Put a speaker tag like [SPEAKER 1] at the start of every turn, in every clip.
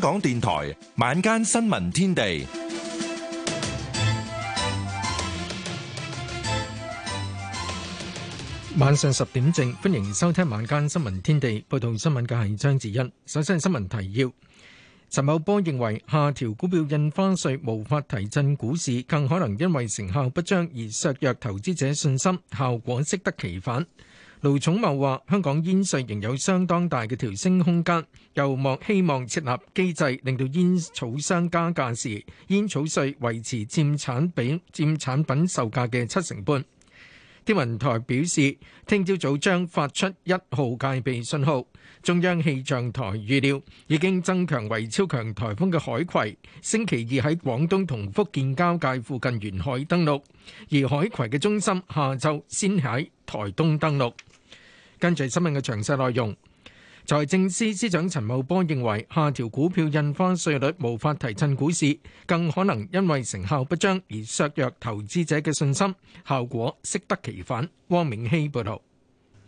[SPEAKER 1] 香港電台，晚間新聞天地，晚上十點正，歡迎收聽晚間新聞天地。報道新聞嘅係張智欣。首先係新聞提要：陳茂波認為下調股票印花稅無法提振股市，更可能因為成效不彰而削弱投資者信心，效果適得其反。盧寵茂話：香港煙稅仍有相當大嘅調升空間，又望希望設立機制，令到煙草商加價時，煙草稅維持佔產品佔產品售價嘅七成半。天文台表示，聽朝早將發出一號戒備信號。中央氣象台預料，已經增強為超強台風嘅海葵，星期二喺廣東同福建交界附近沿海登陸，而海葵嘅中心下晝先喺台東登陸。根據新聞嘅詳細內容，財政司司長陳茂波認為，下調股票印花稅率無法提振股市，更可能因為成效不彰而削弱投資者嘅信心，效果適得其反。汪明希報導。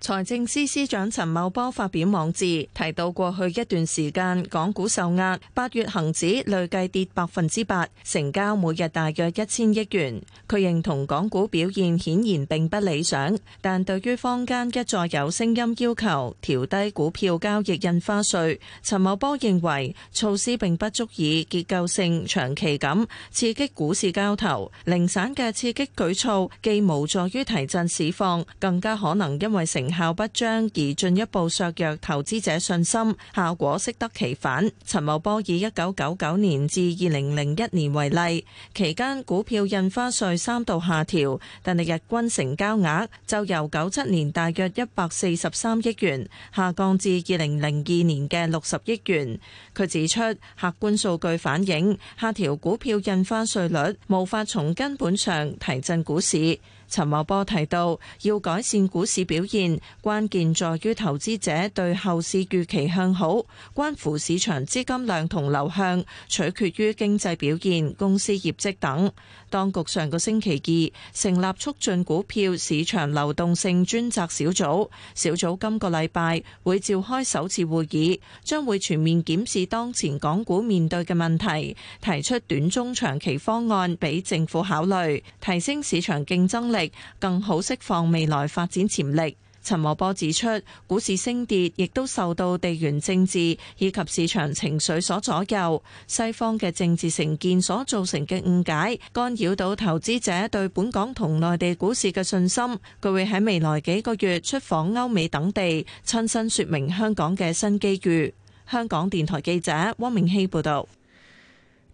[SPEAKER 2] 財政司司長陳茂波發表網誌，提到過去一段時間港股受壓，八月恒指累計跌百分之八，成交每日大約一千億元。佢認同港股表現顯然並不理想，但對於坊間一再有聲音要求調低股票交易印花稅，陳茂波認為措施並不足以結構性、長期咁刺激股市交投，零散嘅刺激舉措既無助於提振市況，更加可能因為成。效不彰，而進一步削弱投資者信心，效果適得其反。陳茂波以一九九九年至二零零一年為例，期間股票印花稅三度下調，但係日均成交額就由九七年大約一百四十三億元下降至二零零二年嘅六十億元。佢指出，客觀數據反映下調股票印花稅率無法從根本上提振股市。陳茂波提到，要改善股市表現，關鍵在於投資者對後市預期向好，關乎市場資金量同流向，取決於經濟表現、公司業績等。當局上個星期二成立促進股票市場流動性專責小組，小組今個禮拜會召開首次會議，將會全面檢視當前港股面對嘅問題，提出短中長期方案俾政府考慮，提升市場競爭力。更好釋放未來發展潛力。陳茂波指出，股市升跌亦都受到地緣政治以及市場情緒所左右。西方嘅政治成見所造成嘅誤解，干擾到投資者對本港同內地股市嘅信心。佢會喺未來幾個月出訪歐美等地，親身説明香港嘅新機遇。香港電台記者汪明熙報導。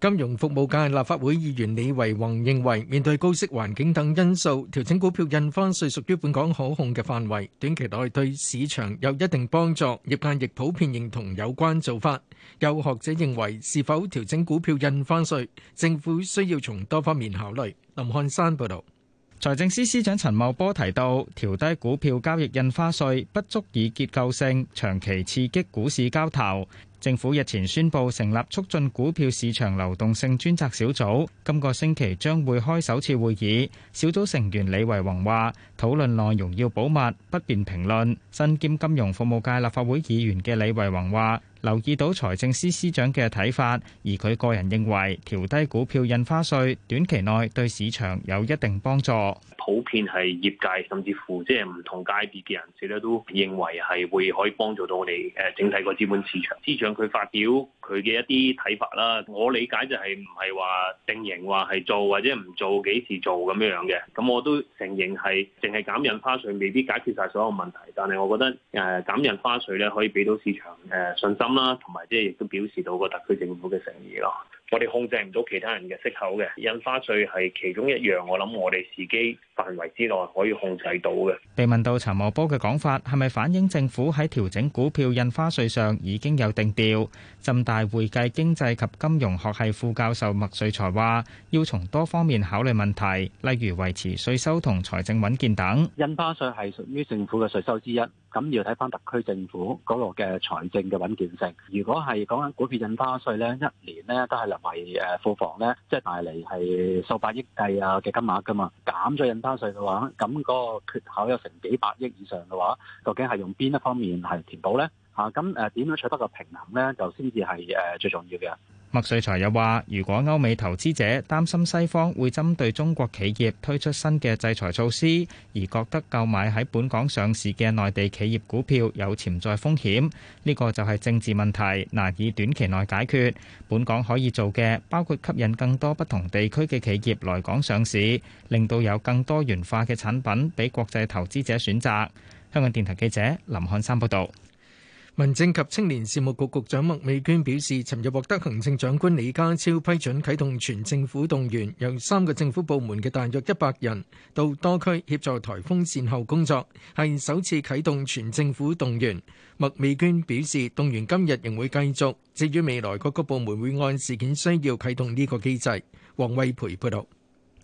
[SPEAKER 1] 金融服務界立法會議員李惟宏認為，面對高息環境等因素，調整股票印花稅屬於本港可控嘅範圍，短期內對市場有一定幫助。業界亦普遍認同有關做法。有學者認為，是否調整股票印
[SPEAKER 3] 花稅，政府需要從多方面考慮。林漢山報導。財政司司長陳茂波提到，調低股票交易印花稅不足以結構性長期刺激股市交投。政府日前宣布成立促進股票市場流動性專責小組，今個星期將會開首次會議。小組成員李維宏話，討論內容要保密，不便評論。身兼金融服務界立法會議員嘅李維宏話。留意到財政司司長嘅睇法，而佢個人認為調低股票印花稅，短期內對市場有一定幫助。
[SPEAKER 4] 普遍係業界甚至乎即係唔同界別嘅人士咧，都認為係會可以幫助到我哋誒整體個資本市場。司長佢發表佢嘅一啲睇法啦，我理解就係唔係話定型話，係做或者唔做幾時做咁樣樣嘅。咁我都承認係淨係減印花稅未必解決晒所有問題，但係我覺得誒減印花稅咧可以俾到市場誒信心。咁啦，同埋即係亦都表示到個特區政府嘅誠意咯。我哋控制唔到其他人嘅息口嘅，印花稅係其中一樣，我諗我哋自己範圍之內可以控制到嘅。
[SPEAKER 3] 被問到陳茂波嘅講法係咪反映政府喺調整股票印花稅上已經有定調？浸大會計經濟及金融學系副教授麥瑞才話：要從多方面考慮問題，例如維持稅收同財政穩健等。
[SPEAKER 4] 印花稅係屬於政府嘅稅收之一，咁要睇翻特區政府
[SPEAKER 5] 嗰個嘅財政嘅穩健性。如果係講緊股票印花稅咧，一年咧都係兩。為誒庫房咧，即係帶嚟係數百億計啊嘅金額噶嘛，減咗印花稅嘅話，咁嗰個缺口有成幾百億以上嘅話，究竟係用邊一方面係填補咧？嚇，咁誒點樣取得個平衡咧，就先至係誒最重要嘅。
[SPEAKER 3] 莫瑞才又話，如果歐美投資者擔心西方會針對中國企業推出新嘅制裁措施，而覺得購買喺本港上市嘅內地企業股票有潛在風險，呢個就係政治問題，難以短期內解決。本港可以做嘅包括吸引更多不同地區嘅企業來港上市，令到有更多元化嘅產品俾國際投資者選擇。香港電台記者林漢山報道。
[SPEAKER 1] 民政及青年事務局局長麥美娟表示，尋日獲得行政長官李家超批准啟動全政府動員，由三個政府部門嘅大約一百人到多區協助台風善後工作，係首次啟動全政府動員。麥美娟表示，動員今日仍會繼續，至於未來各個部門會按事件需要啟動呢個機制。王惠培報道。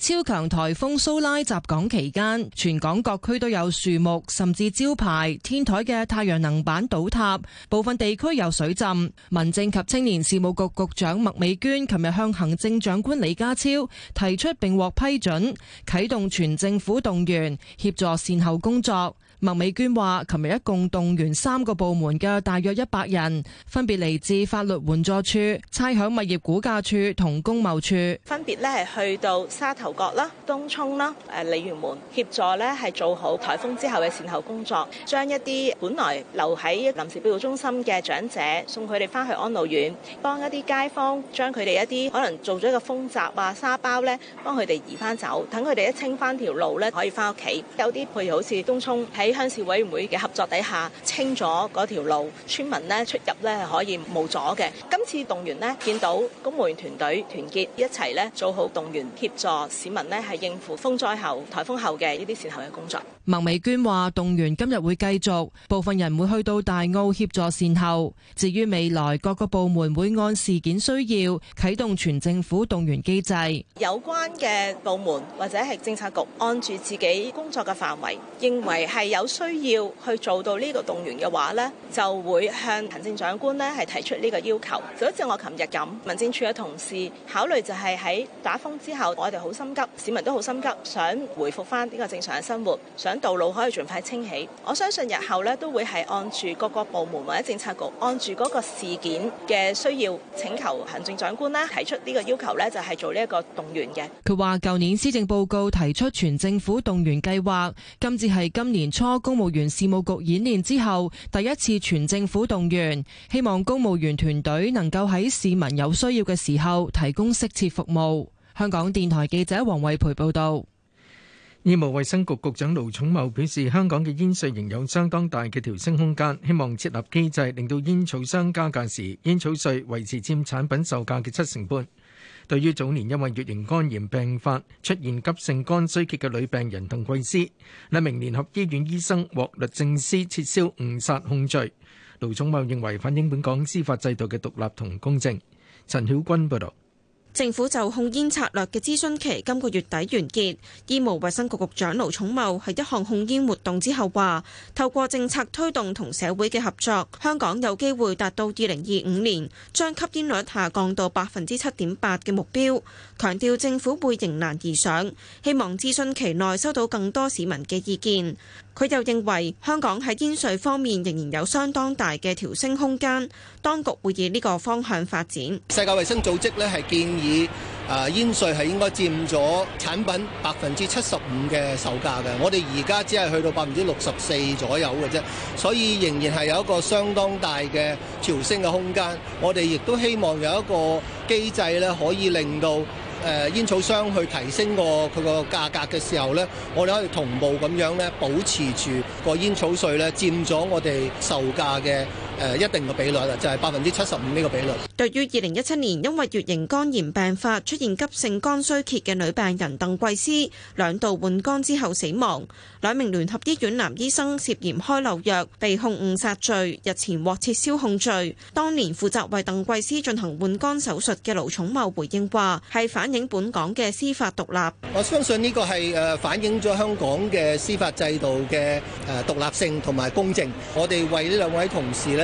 [SPEAKER 6] 超強颱風蘇拉襲港期間，全港各區都有樹木甚至招牌、天台嘅太陽能板倒塌，部分地區有水浸。民政及青年事務局局，局長麥美娟琴日向行政長官李家超提出，並獲批准啟動全政府動員協助善後工作。麥美娟話：，琴日，一共動員三個部門嘅大約一百人，分別嚟自，法律援助處、差餉物業估價處同工貿處，
[SPEAKER 7] 分別咧係去到沙頭角啦、東涌啦、誒鯉魚門，協助咧係做好台風之後嘅善後工作，將一啲本來留喺臨時庇護中心嘅長者送佢哋翻去安老院，幫一啲街坊將佢哋一啲可能做咗一個風閘物、沙包咧，幫佢哋移翻走，等佢哋一清翻條路咧可以翻屋企。有啲譬如好似東涌，喺鄉事委員會嘅合作底下，清咗嗰條路，村民呢出入呢係可以冇阻嘅。今次動員呢，見到公務員團隊團結一齊呢，做好動員協助市民呢，係應付風災後、台風後嘅呢啲善後嘅工作。
[SPEAKER 6] 麥美娟話：動員今日會繼續，部分人會去到大澳協助善後。至於未來各個部門會按事件需要啟動全政府動員機制，
[SPEAKER 7] 有關嘅部門或者係政策局按住自己工作嘅範圍，認為係。有需要去做到呢個動員嘅話咧，就會向行政長官咧係提出呢個要求。就好似我琴日咁，民政處嘅同事考慮就係喺打風之後，我哋好心急，市民都好心急，想回復翻呢個正常嘅生活，想道路可以盡快清起。我相信日後咧都會係按住各個部門或者政策局按住嗰個事件嘅需要，請求行政長官咧提出呢個要求咧，就係做呢一個動員嘅。
[SPEAKER 6] 佢話舊年施政報告提出全政府動員計劃，今次係今年初多公務員事務局演練之後，第一次全政府動員，希望公務員團隊能夠喺市民有需要嘅時候提供適切服務。香港電台記者黃慧培報道。醫務衛生
[SPEAKER 1] 局局長盧寵茂表示，香港嘅煙稅仍有相當大嘅調升空間，希望設立機制，令到煙草商加價時，煙草稅維持佔產品售價嘅七成半。對於早年因為乙型肝炎病發出現急性肝衰竭嘅女病人同桂詩，兩名聯合醫院醫生獲律政司撤銷誤殺控罪。盧宗茂認為反映本港司法制度嘅獨立同公正。陳曉君報導。
[SPEAKER 8] 政府就控煙策略嘅諮詢期今個月底完結，醫務衛生局局長盧寵茂喺一項控煙活動之後話，透過政策推動同社會嘅合作，香港有機會達到二零二五年將吸煙率下降到百分之七點八嘅目標。強調政府會迎難而上，希望諮詢期內收到更多市民嘅意見。佢又認為香港喺煙稅方面仍然有相當大嘅
[SPEAKER 9] 調升空間，當局會以呢個方向發展。世界衛生組織呢係建議，誒煙稅係應該佔咗產品百分之七十五嘅售價嘅。我哋而家只係去到百分之六十四左右嘅啫，所以仍然係有一個相當大嘅調升嘅空間。我哋亦都希望有一個機制咧，可以令到，誒、呃、煙草商去提升個佢個價格嘅時候呢，我哋可以同步咁樣呢，保持住個煙草稅呢佔咗我哋售價嘅。誒一定嘅比率啦，就係百分之七十五呢個比率。
[SPEAKER 8] 對於二零一七年因為乙型肝炎病發出現急性肝衰竭嘅女病人鄧桂思兩度換肝之後死亡，兩名聯合醫院男醫生涉嫌開漏藥，被控誤殺罪，日前獲撤銷控罪。當年負責為鄧桂思進行換肝手術嘅盧寵茂回應話，係反映本港嘅司法獨立。
[SPEAKER 9] 我相信呢個係誒反映咗香港嘅司法制度嘅誒獨立性同埋公正。我哋為呢兩位同事咧。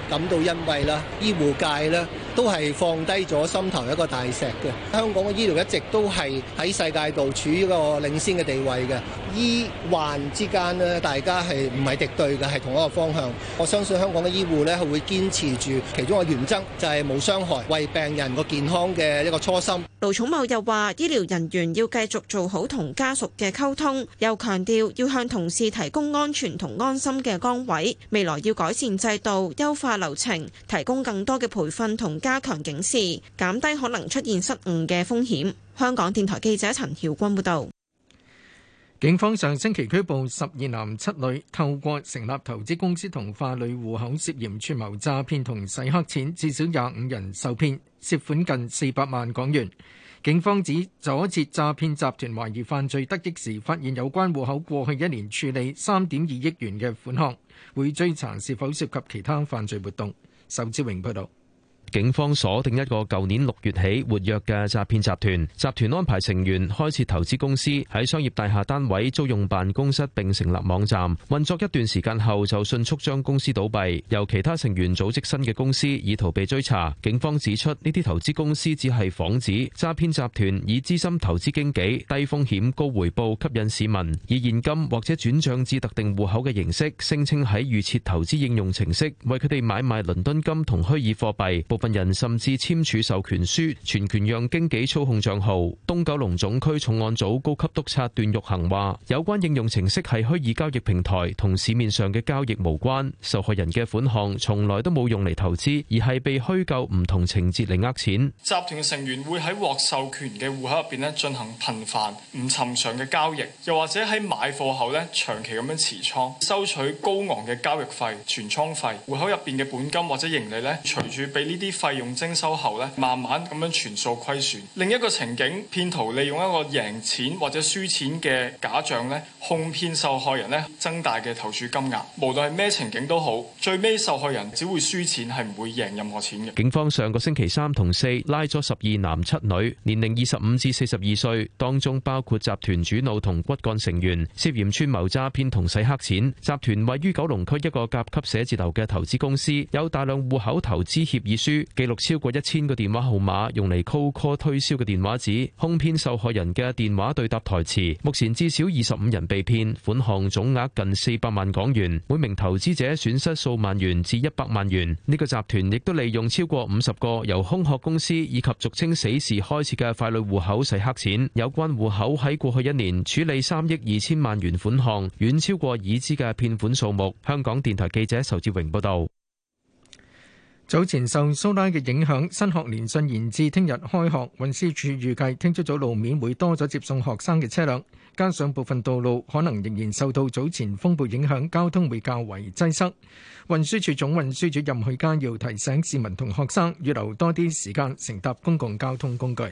[SPEAKER 9] 感到欣慰啦，醫護界咧都係放低咗心頭一個大石嘅。香港嘅醫療一直都係喺世界度處於個領先嘅地位嘅。醫患之間咧，大家係唔係敵對嘅，係同一個方向。我相信香港嘅醫護咧，係會堅持住其中嘅原則，就係冇傷害，為病人個健康嘅一個初心。盧寵茂又話：醫療人員要繼續做好同家屬嘅溝通，
[SPEAKER 8] 又強調要向同事提供安全同安心嘅崗位。未來要改善制度，優化。流程提供更多嘅培訓同加強警示，減低可能出現失誤嘅風險。香港電台記者陳曉君報道。
[SPEAKER 1] 警方上星期拘捕十二男七女，透過成立投資公司同化女戶口，涉嫌串謀詐騙同洗黑錢，至少廿五人受騙，涉款近四百萬港元。警方指，阻截詐騙集團懷疑犯罪得益時，發現有關戶口過去一年處理三點二億元嘅款項。會追查是否涉及其他犯罪活動。仇志榮報道。
[SPEAKER 5] 警方鎖定一個舊年六月起活躍嘅詐騙集團，集團安排成員開設投資公司，喺商業大廈單位租用辦公室並成立網站，運作一段時間後就迅速將公司倒閉，由其他成員組織新嘅公司，以逃避追查。警方指出呢啲投資公司只係幌子，詐騙集團以資深投資經紀、低風險高回報吸引市民，以現金或者轉帳至特定戶口嘅形式，聲稱喺預設投資應用程式為佢哋買賣倫敦金同虛擬貨幣。份人甚至簽署授權書，全權讓經紀操控賬號。東九龍總區重案組高級督察段玉恆話：有關應用程式係虛擬交易平台，同市面上嘅交易無關。受害人嘅款項從來都冇用嚟投資，而係被虛構唔同情節嚟呃錢。
[SPEAKER 10] 集團嘅成員會喺獲授權嘅戶口入邊呢進行頻繁唔尋常嘅交易，又或者喺買貨後呢長期咁樣持倉，收取高昂嘅交易費、存倉費。戶口入邊嘅本金或者盈利呢，隨住俾呢啲。費用徵收後咧，慢慢咁樣全數虧損。另一個情景，騙徒利用一個贏錢或者輸錢嘅假象咧，哄騙受害人咧增大嘅投注金額。無論係咩情景都好，最尾受害人只會輸錢，係唔會贏任何錢嘅。
[SPEAKER 5] 警方上個星期三同四拉咗十二男七女，年齡二十五至四十二歲，當中包括集團主腦同骨幹成員，涉嫌串謀詐騙同洗黑錢。集團位於九龍區一個甲級寫字樓嘅投資公司，有大量戶口投資協議書。記錄超過一千個電話號碼，用嚟 call call 推銷嘅電話紙，哄騙受害人嘅電話對答台詞。目前至少二十五人被騙，款項總額近四百萬港元，每名投資者損失數萬元至一百萬元。呢、這個集團亦都利用超過五十個由空殼公司以及俗稱死士開設嘅傀儡戶口洗黑錢。有關戶口喺過去一年處理三億二千萬元款項，遠超過已知嘅騙款數目。香港電台記者仇志榮報道。
[SPEAKER 1] 早前受蘇拉嘅影響，新學年順延至聽日開學。運輸署預計聽朝早路面會多咗接送學生嘅車輛，加上部分道路可能仍然受到早前風暴影響，交通會較為擠塞。運輸署總運輸主任許嘉耀提醒市民同學生預留多啲時間乘搭公共交通工
[SPEAKER 4] 具。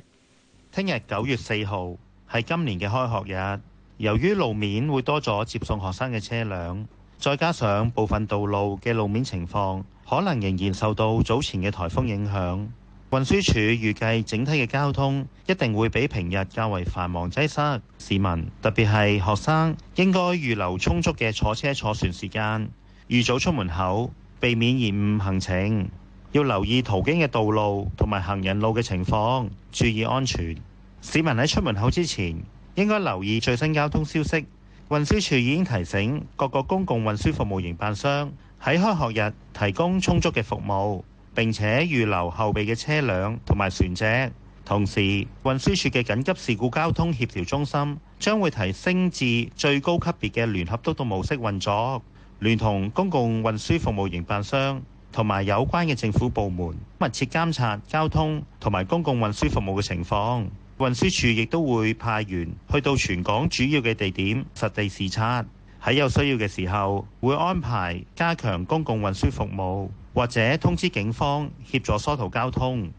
[SPEAKER 4] 聽日九月四號係今年嘅開學日，由於路面會多咗接送學生嘅車輛，再加上部分道路嘅路面情況，可能仍然受到早前嘅台風影響，運輸署預計整體嘅交通一定會比平日較為繁忙擠塞，市民特別係學生應該預留充足嘅坐車坐船時間預早出門口，避免延誤行程。要留意途經嘅道路同埋行人路嘅情況，注意安全。市民喺出門口之前應該留意最新交通消息。運輸署已經提醒各個公共運輸服務營辦商。喺開學日提供充足嘅服務，並且預留後備嘅車輛同埋船隻。同時，運輸署嘅緊急事故交通協調中心將會提升至最高級別嘅聯合督導模式運作，聯同公共運輸服務營辦商同埋有關嘅政府部門密切監察交通同埋公共運輸服務嘅情況。運輸署亦都會派員去到全港主要嘅地點實地視察。喺有需要嘅時候，會安排加強公共運輸服務，或者通知警方協助疏導交通。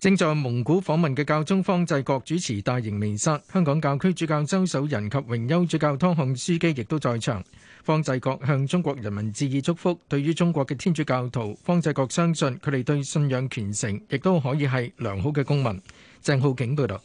[SPEAKER 1] 正在蒙古訪問嘅教宗方濟各主持大型彌撒，香港教區主教周守仁及榮休主教湯漢樞機亦都在場。方濟各向中國人民致以祝福，對於中國嘅天主教徒，方濟各相信佢哋對信仰虔誠，亦都可以係良好嘅公民。鄭浩景報道。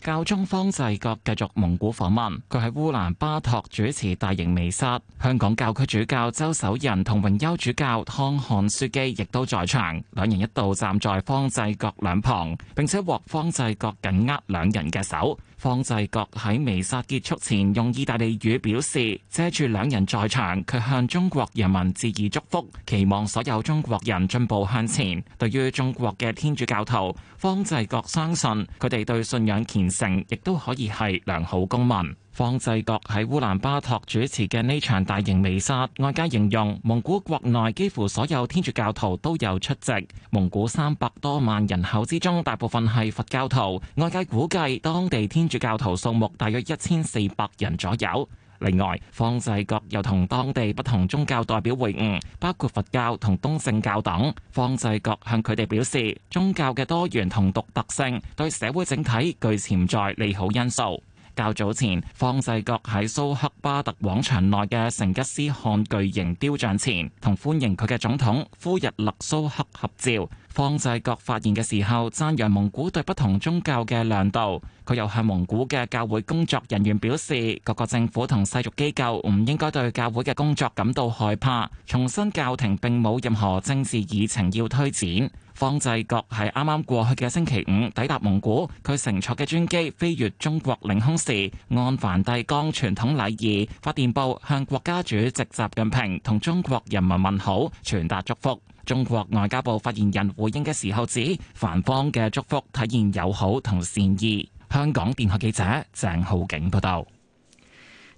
[SPEAKER 11] 教宗方濟各繼續蒙古訪問，佢喺烏蘭巴托主持大型彌撒。香港教區主教周守仁同榮休主教湯漢樞機亦都在場，兩人一度站在方濟各兩旁，並且獲方濟各緊握兩人嘅手。方濟各喺彌撒結束前，用意大利語表示遮住兩人在場，佢向中國人民致以祝福，期望所有中國人進步向前。對於中國嘅天主教徒，方濟各相信佢哋對信仰虔誠，亦都可以係良好公民。方濟各喺烏蘭巴托主持嘅呢場大型彌撒，外界形容蒙古國內幾乎所有天主教徒都有出席。蒙古三百多萬人口之中，大部分係佛教徒，外界估計當地天主教徒數目大約一千四百人左右。另外，方濟各又同當地不同宗教代表會晤，包括佛教同東正教等。方濟各向佢哋表示，宗教嘅多元同獨特性對社會整體具潛在利好因素。較早前，方濟各喺蘇克巴特廣場內嘅成吉思汗巨型雕像前，同歡迎佢嘅總統呼日勒蘇克合照。方濟各發言嘅時候讚揚蒙古對不同宗教嘅量度。佢又向蒙古嘅教會工作人員表示，各個政府同世俗機構唔應該對教會嘅工作感到害怕。重申教廷並冇任何政治議程要推展。方濟各係啱啱過去嘅星期五抵達蒙古，佢乘坐嘅專機飛越中國領空時，按梵蒂岡傳統禮儀發電報向國家主席習近平同中國人民問好，傳達祝福。中國外交部發言人回應嘅時候指，梵方嘅祝福體現友好同善意。香港電台記者鄭浩景報道。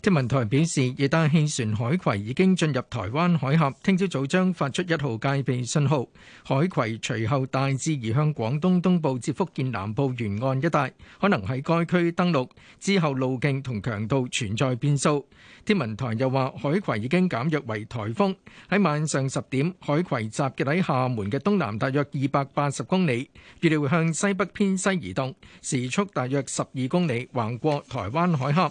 [SPEAKER 1] 天文台表示，熱帶氣旋海葵已經進入台灣海峽，聽朝早將發出一號戒備信號。海葵隨後大致移向廣東東部至福建南部沿岸一帶，可能喺該區登陸。之後路徑同強度存在變數。天文台又話，海葵已經減弱為颱風，喺晚上十點，海葵集結喺廈門嘅東南，大約二百八十公里，預料向西北偏西移動，時速大約十二公里，橫過台灣海峽。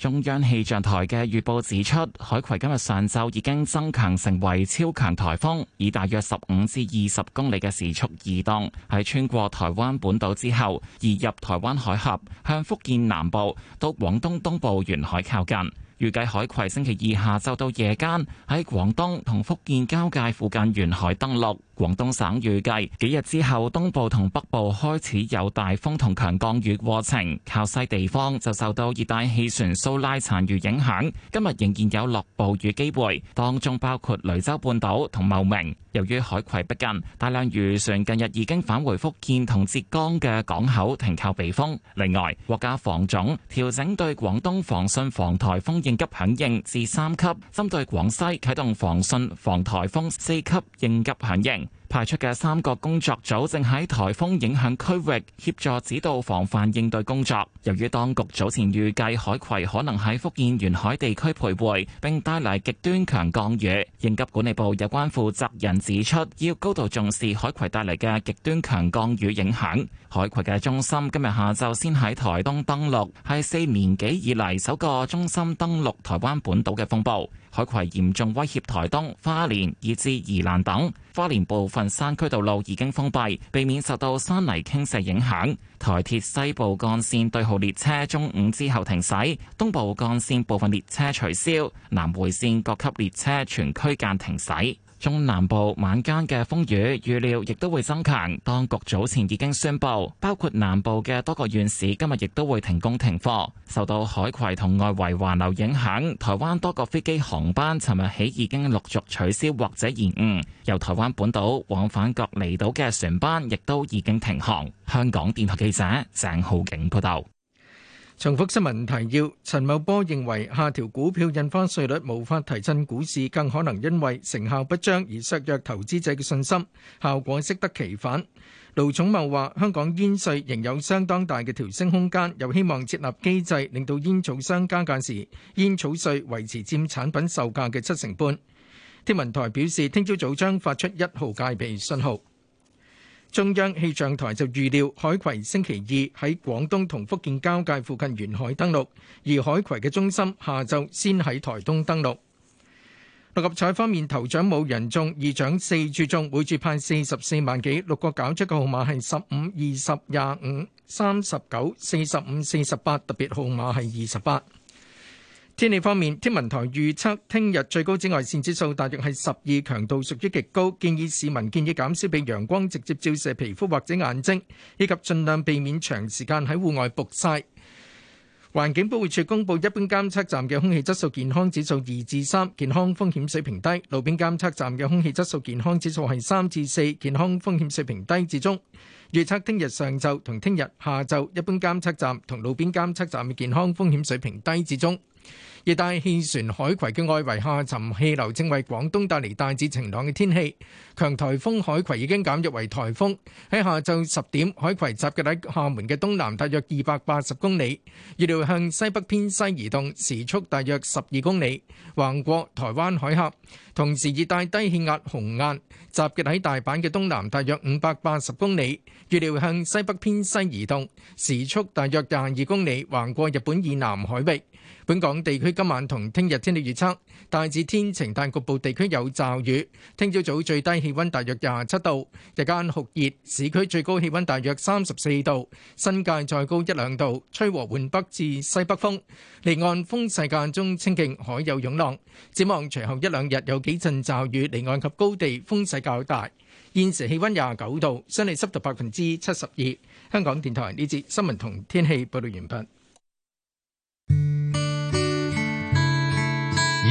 [SPEAKER 11] 中央氣象台嘅預報指出，海葵今日上晝已經增強成為超強颱風，以大約十五至二十公里嘅時速移動，喺穿過台灣本島之後，移入台灣海峽，向福建南部到廣東東部沿海靠近。預計海葵星期二下晝到夜間喺廣東同福建交界附近沿海登陸。廣東省預計幾日之後東部同北部開始有大風同強降雨過程，靠西地方就受到熱帶氣旋蘇拉殘餘影響。今日仍然有落暴雨機會，當中包括雷州半島同茂名。由於海葵逼近，大量漁船近日已經返回福建同浙江嘅港口停靠避風。另外，國家防總調整對廣東防汛防颱風應急響應至三級，針對廣西啓動防汛防颱風四級應急響應。派出嘅三個工作組正喺颱風影響區域協助指導防範應對工作。由於當局早前預計海葵可能喺福建沿海地區徘徊，並帶嚟極端強降雨，應急管理部有關負責人指出，要高度重視海葵帶嚟嘅極端強降雨影響。海葵嘅中心今日下晝先喺台東登陸，係四年幾以嚟首個中心登陸台灣本島嘅風暴。海葵嚴重威脅台東、花蓮以至宜蘭等，花蓮部分山區道路已經封閉，避免受到山泥傾瀉影響。台鐵西部幹線對號列車中午之後停駛，東部幹線部分列車取消，南迴線各級列車全區間停駛。中南部晚間嘅風雨預料亦都會增強，當局早前已經宣布，包括南部嘅多個縣市今日亦都會停工停課。受到海葵同外圍環流影響，台灣多個飛機航班尋日起已經陸續取消或者延誤。由台灣本島往返各離島嘅船班亦都已經停航。香港電台記者鄭浩景報道。
[SPEAKER 1] 重複新聞提要：陳茂波認為下調股票印花稅率無法提振股市，更可能因為成效不彰，而削弱投資者嘅信心，效果適得其反。盧寵茂話香港煙稅仍有相當大嘅調升空間，又希望設立機制令到煙草商加價時，煙草稅維持佔產品售價嘅七成半。天文台表示，聽朝早將發出一號戒備信號。中央氣象台就預料海葵星期二喺廣東同福建交界附近沿海登陸，而海葵嘅中心下晝先喺台東登陸。六合彩方面，頭獎冇人中，二獎四注中，每注派四十四萬幾，六個攪出嘅號碼係十五、二十、廿五、三十九、四十五、四十八，特別號碼係二十八。天氣方面，天文台預測聽日最高紫外線指數大約係十二，強度屬於極高，建議市民建議減少被陽光直接照射皮膚或者眼睛，以及盡量避免長時間喺戶外曝晒。環境保護署公布一般監測站嘅空氣質素健康指數二至三，健康風險水平低；路邊監測站嘅空氣質素健康指數係三至四，健康風險水平低至中。預測聽日上晝同聽日下晝，一般監測站同路邊監測站嘅健康風險水平低至中。熱帶氣旋海葵嘅外圍下沉氣流正為廣東帶嚟大致晴朗嘅天氣。強台風海葵已經減弱為台風，喺下晝十點，海葵集結喺廈門嘅東南，大約二百八十公里，預料向西北偏西移動，時速大約十二公里，橫過台灣海峽。同時，熱帶低氣壓鴻雁集結喺大阪嘅東南，大約五百八十公里，預料向西北偏西移動，時速大約廿二公里，橫過日本以南海域。本港地區今晚同聽日天氣預測大致天晴，但局部地區有驟雨。聽朝早最低氣温大約廿七度，日間酷熱，市區最高氣温大約三十四度，新界再高一兩度，吹和緩北至西北風。離岸風勢間中清勁，海有湧浪。展望隨後一兩日有幾陣驟雨，離岸及高地風勢較大。現時氣温廿九度，相對濕度百分之七十二。香港電台呢節新聞同天氣報道完畢。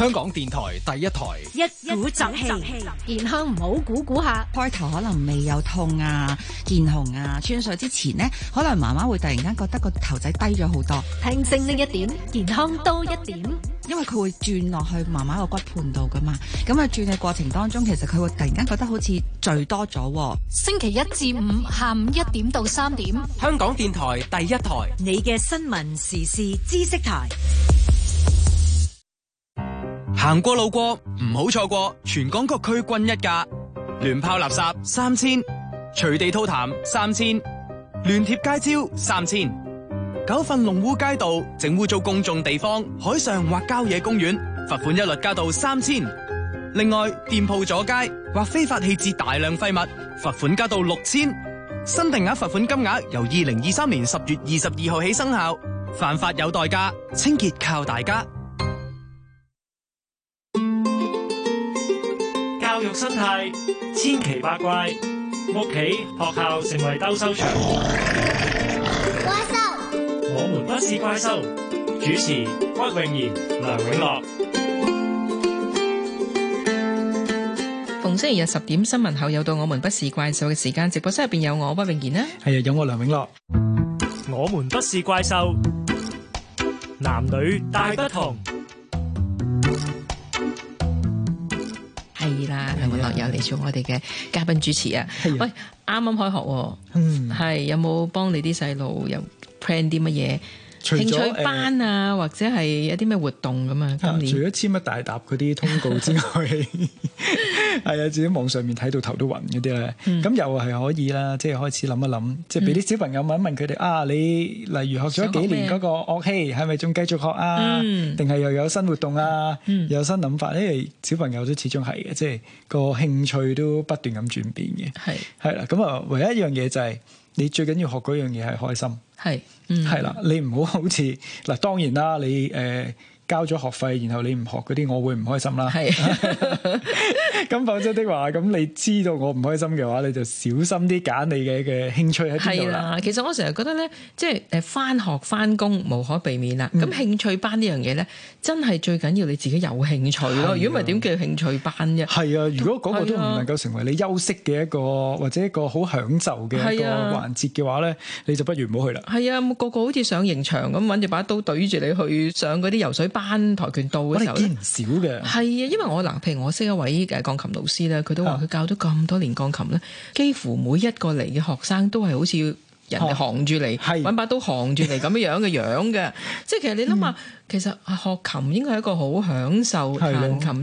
[SPEAKER 6] 香港電
[SPEAKER 10] 台第一台，一鼓集氣，氣
[SPEAKER 7] 健康唔好估估下。開頭可能未有
[SPEAKER 12] 痛啊、見紅啊，穿水之前呢，可能媽媽會突然間覺得個頭仔低咗好多。輕升呢一點，健康多一點。因為佢會轉落去媽媽個骨盆度㗎嘛，咁啊轉嘅過程當中，其實佢會突然間覺得好似墜多咗。
[SPEAKER 6] 星期一至五下午一點到三點，
[SPEAKER 1] 香港電台第一台，你嘅新聞時事知識台。行過
[SPEAKER 5] 路過唔好錯過，全港各區均一價，亂拋垃圾三千，隨地吐痰三千，亂貼街招三千，狗糞弄污街道整污糟公眾地方，海上或郊野公園罰款一律加到三千。另外，店鋪阻街或非法棄置大量廢物，罰款加到六千。新定額罰款金額由二零二三年十月二十二號起生效。犯法有代價，清潔靠大家。
[SPEAKER 4] 教育生態千奇百怪，屋企、學校成為兜收場。怪獸，我們不是怪獸。主持屈穎妍、梁永樂。
[SPEAKER 12] 逢星期日十點新聞後，又到我們不是怪獸嘅時間，直播室入邊有我屈穎妍啦。
[SPEAKER 10] 係啊，有我梁永樂。我們不是怪獸，
[SPEAKER 11] 男女大不同。
[SPEAKER 12] 啦，梁文樂友嚟做我哋嘅嘉賓主持啊！喂、哎，啱啱開學，嗯，係有冇幫你啲細路又 plan 啲乜嘢？
[SPEAKER 1] 了興趣班
[SPEAKER 10] 啊，呃、或者係有啲咩活動咁啊？今年、啊、除咗簽一大沓嗰啲通告之外。 係啊，自己網上面睇到頭都暈嗰啲咧，咁又係可以啦，即係開始諗一諗，即係俾啲小朋友問一問佢哋啊，你例如學咗幾年嗰個樂器，係咪仲繼續學啊？定係又有新活動啊？又有新諗法？因為小朋友都始終係嘅，即係個興趣都不斷咁轉變嘅。係係啦，咁啊，唯一一樣嘢就係你最緊要學嗰樣嘢係開心。係，係啦，你唔好好似嗱，當然啦，你誒。交咗學費，然後你唔學嗰啲，我會唔開心啦。係。咁否則的話，咁你知道我唔開心嘅話，你就小心啲揀你嘅嘅興趣喺邊度啦。係啦，
[SPEAKER 12] 其實我成日覺得咧，即係誒返學返工無可避免啦。咁、嗯、興趣班呢樣嘢咧，真係最緊要你自己有興趣咯。如果
[SPEAKER 10] 唔係點叫興趣班啫？係啊，如果嗰個都唔能夠成為你休息嘅一個或者一個好享受嘅一個環節嘅話咧，啊、你就不如唔好去啦。
[SPEAKER 12] 係啊，個個好似上刑場咁，揾住把刀對住你去上嗰啲游水班。彈跆拳道嘅時候都唔少嘅。係啊，因為我嗱，譬如我識一位誒鋼琴老師咧，佢都話佢教咗咁多年鋼琴咧，幾乎每一個嚟嘅學生都係好似人哋行住嚟，揾，把刀行住嚟咁樣樣嘅
[SPEAKER 6] 樣嘅， 即係其實你諗下，嗯、其實學琴應該係一個好享受彈琴。